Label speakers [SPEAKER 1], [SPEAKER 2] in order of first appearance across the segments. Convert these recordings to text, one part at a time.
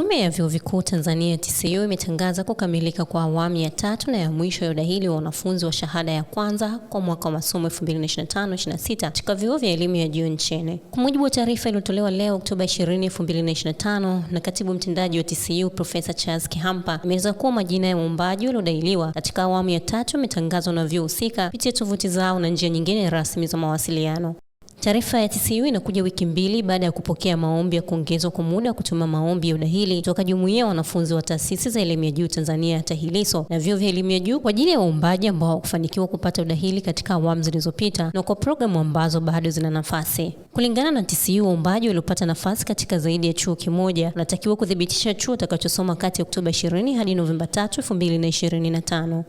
[SPEAKER 1] Tume ya Vyuo Vikuu Tanzania TCU imetangaza kukamilika kwa awamu ya tatu na ya mwisho ya udahili wa wanafunzi wa shahada ya kwanza kwa mwaka wa masomo 2025 katika vyuo vya elimu ya juu nchini. Kwa mujibu wa taarifa iliyotolewa leo Oktoba 2225 2025 na Katibu Mtendaji wa TCU Profesa Charles Kihampa, imeweza kuwa majina ya waombaji waliodahiliwa katika awamu ya tatu imetangazwa na vyuo husika pitia tovuti zao na njia nyingine rasmi za mawasiliano. Taarifa ya TCU inakuja wiki mbili baada ya kupokea maombi ya kuongezwa kwa muda wa kutuma maombi ya udahili kutoka jumuiya ya wanafunzi wa taasisi za elimu ya juu Tanzania TAHILISO na vyuo vya elimu ya juu kwa ajili ya waombaji ambao hawakufanikiwa kupata udahili katika awamu zilizopita na kwa programu ambazo bado zina nafasi. Kulingana na TCU, waombaji waliopata nafasi katika zaidi ya chuo kimoja wanatakiwa kuthibitisha chuo watakachosoma kati ya Oktoba 20 hadi Novemba 3, 2025.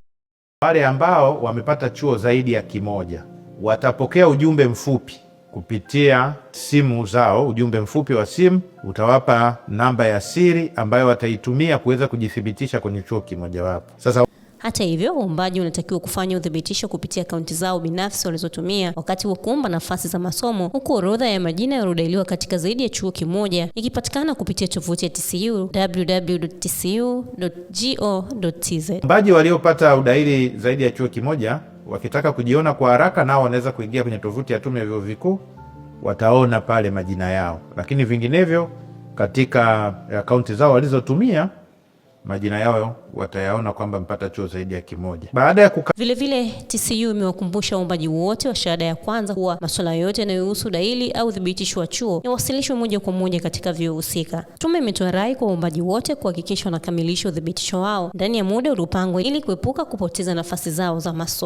[SPEAKER 2] Wale ambao wamepata chuo zaidi ya kimoja watapokea ujumbe mfupi kupitia simu zao. Ujumbe mfupi wa simu utawapa namba ya siri ambayo wataitumia kuweza kujithibitisha kwenye chuo kimojawapo.
[SPEAKER 1] Sasa hata hivyo, waombaji wanatakiwa kufanya uthibitisho kupitia akaunti zao binafsi walizotumia wakati wa kuomba nafasi za masomo, huku orodha ya majina yaliodailiwa katika zaidi ya chuo kimoja ikipatikana kupitia tovuti ya TCU www.tcu.go.tz.
[SPEAKER 2] Waombaji waliopata udahili zaidi ya chuo kimoja wakitaka kujiona kwa haraka, nao wanaweza kuingia kwenye tovuti ya Tume ya Vyuo Vikuu, wataona pale majina yao, lakini vinginevyo katika akaunti zao walizotumia majina yao watayaona kwamba mpata chuo zaidi ya kimoja
[SPEAKER 1] baada ya kuka... Vilevile TCU imewakumbusha waombaji wote wa shahada ya kwanza kuwa masuala yote yanayohusu dalili au uthibitisho wa chuo yawasilishwe moja kwa moja katika vyuo husika. Tume imetoa rai kwa waombaji wote kuhakikisha wanakamilisha uthibitisho wao ndani ya muda uliopangwa ili kuepuka kupoteza nafasi zao za masomo.